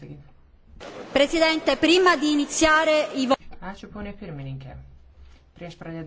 Sakykime. Prezidente, prima di iniziare i... Ačiū, ponė pirmininkė. Prieš pradėdami.